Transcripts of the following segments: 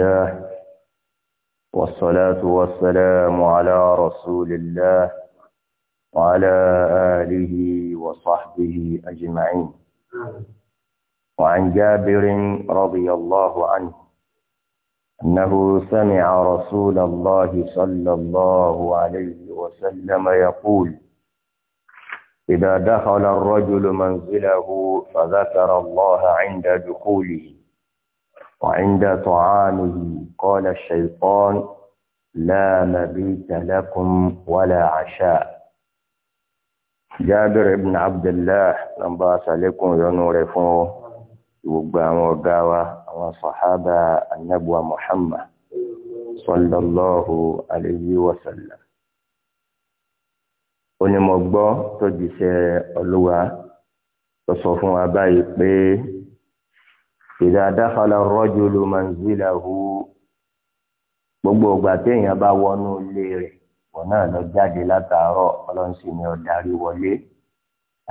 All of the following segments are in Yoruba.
الله والصلاة والسلام على رسول الله وعلى آله وصحبه أجمعين وعن جابر رضي الله عنه أنه سمع رسول الله صلى الله عليه وسلم يقول إذا دخل الرجل منزله فذكر الله عند دخوله وعند طعامه قال الشيطان لا مبيت لكم ولا عشاء جابر بن عبد الله نبا عليكم ينور فوق وغبا وغاوا وصحابة النبوة محمد صلى الله عليه وسلم onímọ̀gbọ́ tó jíṣẹ́ olúwa tó sọ fún wa báyìí pé idha dakhala ar-rajulu manzilahu gbogbo ìgbà téèyàn bá wọnú ilé rẹ̀ wọn náà lọ jáde látàárọ̀ ọlọ́nsìn ni ọ̀darí wọlé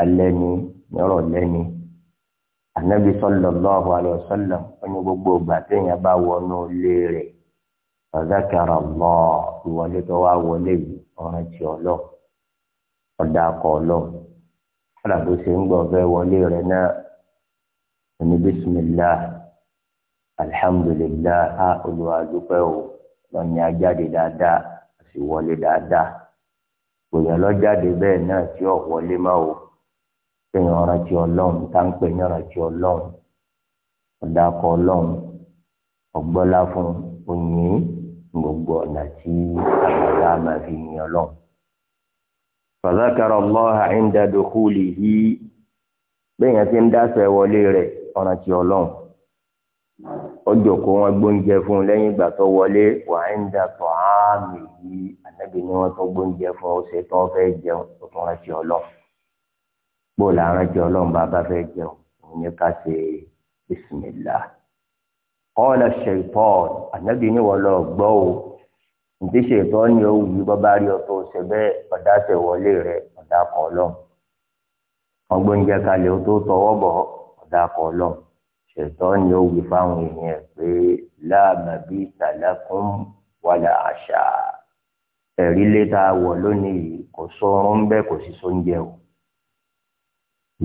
alẹ́ ni nírọ̀lẹ́ ni anabi sallallahu alayhi wa sallam ọ̀nà gbogbo ìgbà téèyàn bá wọnú ilé rẹ̀ ọ̀dàkàrà lọ ìwọlé tó wá wọlé yìí ọ̀ràn tí ọlọ́ ọ̀dà kọ̀ ọlọ́ ọ̀dà ṣe ń gbọ̀ fẹ́ wọlé rẹ̀ náà ní bísímìlá alihamudulilá a olùwà dúpẹ́ o lọ́ni ajáde dáadáa a sì wọlé dáadáa òyìn lọ́jáde bẹ́ẹ̀ náà tí ò wọlé má o èèyàn rántí ọlọ́run táǹpẹ̀ ní rántí ọlọ́run ọ̀dàkọ̀ ọlọ́run ọ̀gbọ́lá fún oyin gbogbo ọ̀nà tí àgbàlá máa fi yin ọlọ́run. fàzákàrọ̀ lọ́ha ń dadò kúlì yìí bẹ́ẹ̀ ọ̀ràn tí ọlọ́run ọjọ́ kó wọn gbóúnjẹ fún un lẹ́yìn ìgbà tó wọlé wàá ń da tọ̀ áàmì yìí ànábì ni wọ́n tó gbóúnjẹ fún ọ ṣe tó fẹ́ jẹun tó tún rántí ọlọ́run bó la rántí ọlọ́run bá bá fẹ́ jẹun òun ní ká ṣe bisimilá kọ́ọ̀lá ṣèpọ̀ ànábì ni wọ́n lọ gbọ́ o ǹdí ṣètò ni ó wù yí bọ́ bá rí ọ tó ṣe bẹ́ẹ̀ ọ̀dà tẹ̀ wọlé rẹ ọ̀dà kọ̀ ọlọ́run ọgbóúnjẹ kalẹ̀ ó tó tọwọ́ bọ̀ ọ́ dákọ̀ ọlọ́run ṣètọ́ ni ó wí fáwọn èèyàn pé láàmà bí ìsàlákùn wàlà àṣà ẹ̀rí létà wọ̀ lónìí kò sọ̀rọ̀ ń bẹ́ẹ̀ kò sí sóúnjẹ o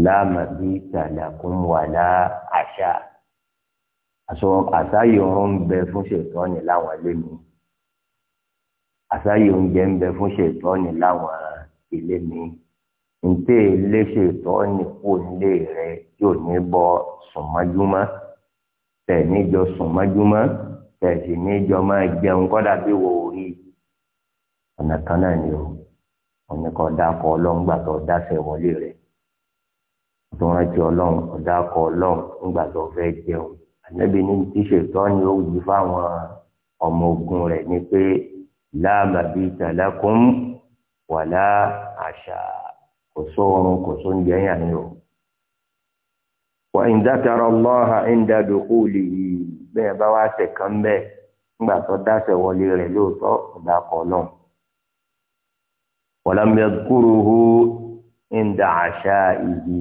láàmà bí ìsàlákùn wàlà àṣà àṣàyò ń bẹ fún ṣètọ́ ni láwọn ilé mi àṣàyò ń jẹ́ ń bẹ fún ṣètọ́ ni láwọn ilé mi ntẹ́ léṣe ìtọ́ ni kò nílé rẹ yóò ní bọ́ sùnmọ́júmọ́ tẹ̀ níjọ sùnmọ́júmọ́ tẹ̀ sì níjọ máa jẹun kọ́dà bí wò ó rí ọ̀nà kan náà ni o òní kọ́ dákọ̀ ọlọ́run gbà tó dáṣẹ́ wọlé rẹ̀ tó rántí ọlọ́run ọ̀dákọ̀ ọlọ́run nígbà tó fẹ́ jẹun ànábì ní tíṣe ìtọ́ ni ó wù fáwọn ogun rẹ̀ ni pé láàbàbí tàlákùn wàlá àṣà kò sóorun kò sóúnjẹ yàn ní o. wọ́n ń dákàrọ̀ Allah ń da dùkúlì yìí bẹ́ẹ̀ bá wá ṣe kán bẹ́ẹ̀ nígbà tó dáṣẹ wọlé rẹ̀ lóòótọ́ ọ̀dà kọ̀ náà. wọ́n lọ́mọ ẹ̀kúrú hu ń da àṣà ìdí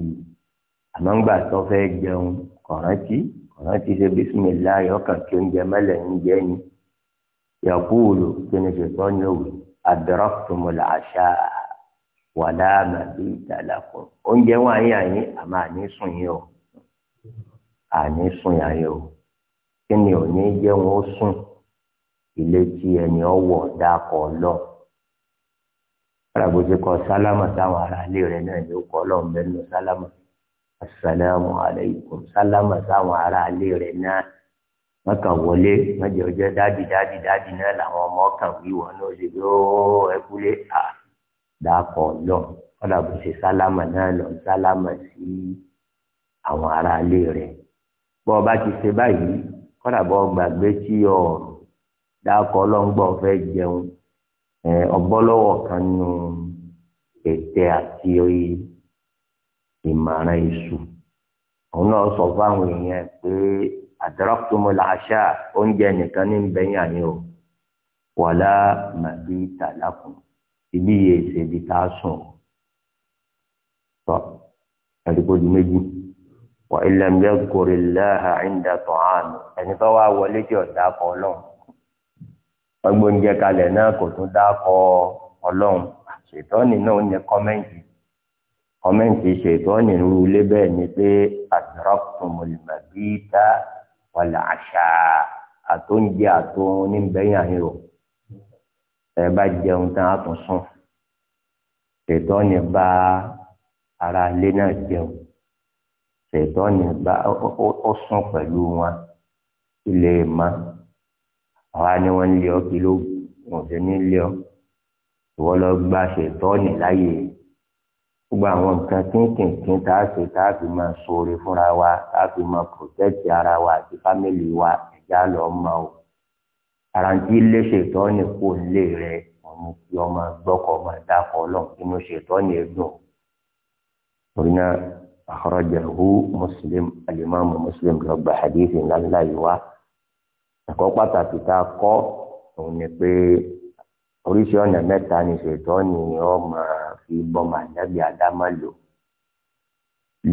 àmọ́ ńgbà tó fẹ́ jẹun kọ̀rántí kọ̀rántí ṣe bisimilayi ọkàn kí oúnjẹ mẹ́lẹ̀ ń jẹ́ ni. yaqulu kí ni ṣètọ́ ni ó wù adraktumul ashaa wàlá màbí ìdàlàpọ̀ oúnjẹ wọn àyè àyè àmọ́ àní sùn yín o àní sùn yín àyè o kí ni òní jẹ́ wọn ó sùn ilé tí ẹni ọwọ́ dákọ̀ lọ. Àràbòjì kọ sálámà táwọn ará ilé rẹ̀ náà ni ó kọ́ lọ́n bẹ́nu sálámà. Asàlámù aláìkùm sálámà táwọn ará ilé rẹ̀ náà. Wọ́n wọlé mẹ́jọ jẹ́ dádì dádì náà làwọn ọmọ kàn wí náà ṣe bí ó ẹkúlé à. dáàpọ̀ lọ kọ́dà bó ṣe sálámà náà lọ sálámà sí àwọn aráalé rẹ̀ bọ́ ọ ti ṣe báyìí kọ́dà bọ́ gbàgbé tí fẹ́ jẹun ọgbọ́lọ́wọ́ kan nu ètè àti ìmọ̀ràn èṣù òun náà sọ fáwọn èèyàn pé àdàrọ́kùtùmọ̀lá àṣà oúnjẹ nìkan ní bẹ́yìn wàlá màbí ibi yìí ṣe ibi tá a sùn tọ ẹdínkòdì méjì wà ìlànà kòrè láha ìdá tó àánú ẹni tó wá wọlé tí ọ̀dà kọ ọlọ́run ọgbọ́n oúnjẹ kalẹ̀ náà kò tún dá kọ ọlọ́run ṣètọ́nì náà ní kọ́mẹ́ǹtì kọ́mẹ́ǹtì ṣètọ́nì rú ilé ni pé àdúrákùnmọ̀lùmọ̀bí ta wàlà àṣà àtúnjẹ àtún níbẹ̀yìn àyẹ̀wò ẹ bá jẹun tán á tún sùn ṣètọ́ ni bá ara ilé náà jẹun ṣètọ́ ni bá ó sùn pẹ̀lú wọn ilé ma àwa ni wọ́n lé ọ kí ló wọ́n ṣe ní lé ọ ìwọ lọ gba ṣètọ́ ni láàyè gbogbo àwọn nǹkan kínkìnkín tá a ṣe tá a fi máa ṣoore fúnra wa tá a fi máa protect ara wa àti family wa ẹ̀já lọ́ọ́ máa o àràǹtí lé ṣètọ́ ni kò lè rẹ ọmọ kí ọmọ gbọ́kọ̀ ọmọ dákọ̀ ọlọ́run inú ṣètọ́ ni ẹ̀dùn torí náà akhrajahu muslim alimami muslim ló gba hadithi ńláńlá yìí wá ẹ̀kọ́ pàtàkì tá a kọ́ òun ni pé oríṣi ọ̀nà mẹ́ta ni ṣètọ́ ni ọmọ fi bọ́mọ ànábì àdámọ́ lò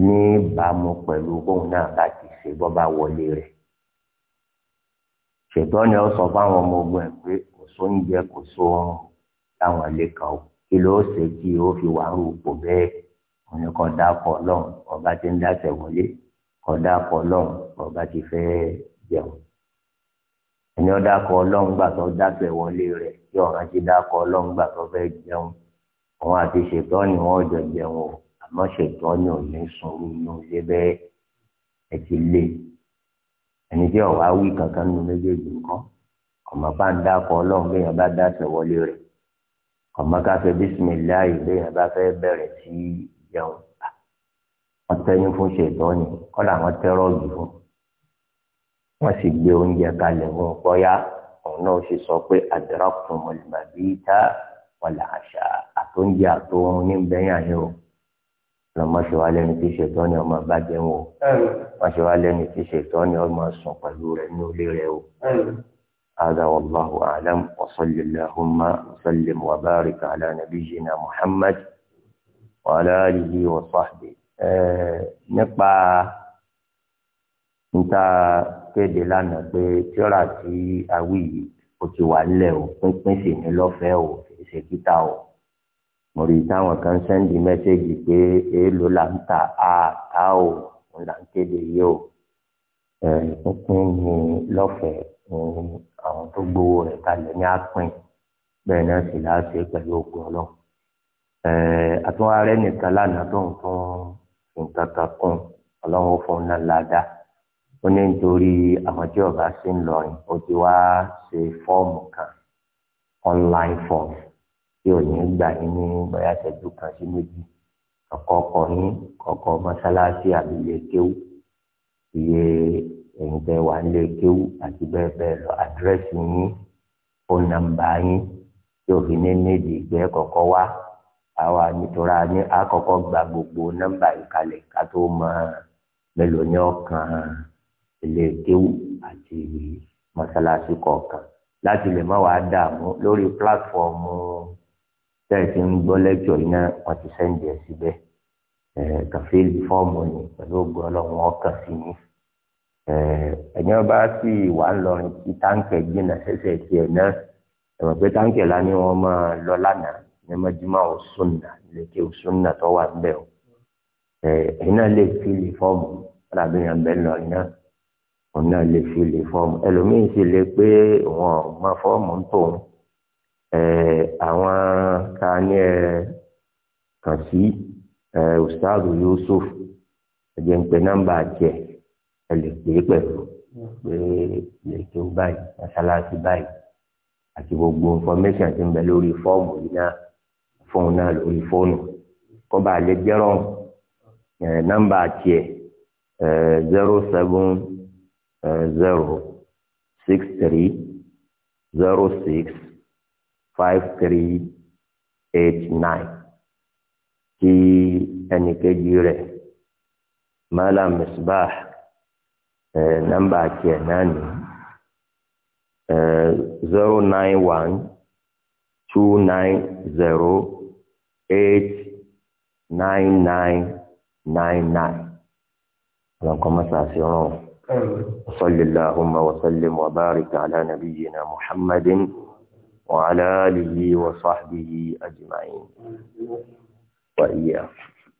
níbàámu pẹ̀lú bóun náà bá ti ṣe bọ́ bá wọlé rẹ̀ ṣètò ni ó sọ fáwọn ọmọ ogun ẹ̀ pé kò sóúnjẹ kò sóorun táwọn ilé kan o kí ló ṣe kí ó fi wà ń rúpò bẹ́ẹ̀ òní kan dákọ̀ ọlọ́run ọba ti ń dáṣẹ̀ wọlé kan dákọ̀ ọlọ́run ọba ti fẹ́ jẹun ẹni ó dákọ̀ ọlọ́run gbà tó dáṣẹ̀ wọlé rẹ̀ tí ọ̀ràn ti dákọ̀ ọlọ́run gbà tó fẹ́ jẹun òun àti ṣètò ni wọ́n jọ jẹun o àmọ́ ṣètò ni ò ní sunrú inú ilé bẹ́ẹ̀ ẹ ti lé ẹni tí ọ̀wá wí kankan nínú méjèèjì nǹkan ọmọ bá ń dákọ ọlọ́run béèyàn bá dáṣẹ wọlé rẹ̀ ọmọ ká fẹ́ bísímìláì béèyàn bá fẹ́ bẹ̀rẹ̀ sí jẹun wọ́n tẹ́ni fún ṣètọ́ ni kọ́lá wọn tẹ́rọ̀gì fún wọ́n sì gbé oúnjẹ kalẹ̀ fún bọ́yá òun náà ṣe sọ pé àdàrà kùn mọ̀lẹ́mọ̀bí ta wọ́n là àṣà àtúnjẹ àtòun ní bẹ́yàn yìí o lọ má ṣe wá lẹ́ni tí ṣètò ni ọmọ bàjẹ́ wọn o má ṣe wá lẹ́ni tí ṣètò ni ọmọ sùn pẹ̀lú rẹ̀ ní ilé rẹ̀ o. هذا والله أعلم وصل اللهم وسلم وبارك على نبينا محمد وعلى آله وصحبه nípa níta kéde lánàá pé tíọ́rà tí awí yìí ó ti wà nílẹ̀ o pínpín sí ní lọ́fẹ̀ẹ́ o kì í ṣe kíta o mo rí táwọn kan sẹ́ndì mẹ́sẹ́gì pé èèlò là ń ta àtà o ń là ń kéde yìí o ẹ̀ pínpín ní lọ́fẹ̀ẹ́ ní àwọn tó gbowó rẹ̀ kalẹ̀ ní àpín bẹ́ẹ̀ náà sì láṣẹ pẹ̀lú ògùn ọlọ́run àtúnwá rẹ̀ nìkan lánàá tó ń tún nǹkan kan kún ọlọ́run fún náà ládàá ó ní nítorí àwọn tí ọba sí ń lọrin ó ti wá ṣe fọ́ọ̀mù kan online form tí ò ní gbà yín ní bóyá ṣẹ́jú kan sí méjì ọkọ̀ ọkọ̀ yín ọkọ̀ mọ́ṣáláṣí àbí ilé kéwú iye ẹ̀yin tẹ́ wà nílé kéwú àti bẹ́ẹ̀ bẹ́ẹ̀ lọ àdírẹ́sì yín fóònù nàmbà yín tí òfin ní nídìí ìgbẹ́ kọ̀ọ̀kọ́ wá àwa nítorá ní àkọ́kọ́ gba gbogbo nọ́mbà ìkàlẹ̀ ká tó mọ mélòó ní ọ̀kan ilé kéwú àti mọ́ṣáláṣí kọ̀ọ̀kan láti lè má wàá dààmú lórí pílátífọ̀mù tẹ́ẹ̀tì ń gbọ́ lẹ́kítọ̀ yìí náà wọ́n ti sẹ́ǹdì ẹ̀ síbẹ̀ kàféèlì fọ́ọ̀mù ni pẹ̀lú ògùn ọlọ́run ọkàn sí ni ẹ̀yìn ọba sì wà ń lọrin tí táǹkẹ̀ gbìnà ṣẹ̀ṣẹ̀ tiẹ̀ náà ẹ̀wọ̀n pé táǹkẹ̀ la ní wọ́n máa lọ lánàá ní mọ́júmọ́ òsùnà lèkè òsùnà tó wà ń bẹ̀ o ẹ̀yìn náà lè fíìlì fọ́ọ̀mù ọ̀là bí yẹn bẹ́ẹ̀ lọrin náà òun náà lè fíìlì fọ́ọ̀mù ẹlòmíín sì lè pé òun ọ̀ àwọn ta ní ẹ kàn sí ustaz Yusuf ẹ̀jẹ̀ ń pè nọ́mbà jẹ ẹ lè pè é pẹ̀lú pé lè tó báyìí mọ́ṣáláṣí báyìí àti gbogbo information ti ń bẹ lórí fọ́ọ̀mù yìí náà fóun náà lórí fóònù kọ́ba lè jẹ́rọ̀ nọ́mbà tiẹ̀ zero seven zero six three zero six five three eight nine tí ẹnìkejì rẹ̀ Malam Misbah eh, ẹ̀ nọ́mbà tiẹ̀ náà ni eh, zero nine one two nine zero eight nine nine nine nine. اللهم مسع سيرهم وصل اللهم وسلم وبارك على نبينا محمد وعلى آله وصحبه أجمعين وإياكم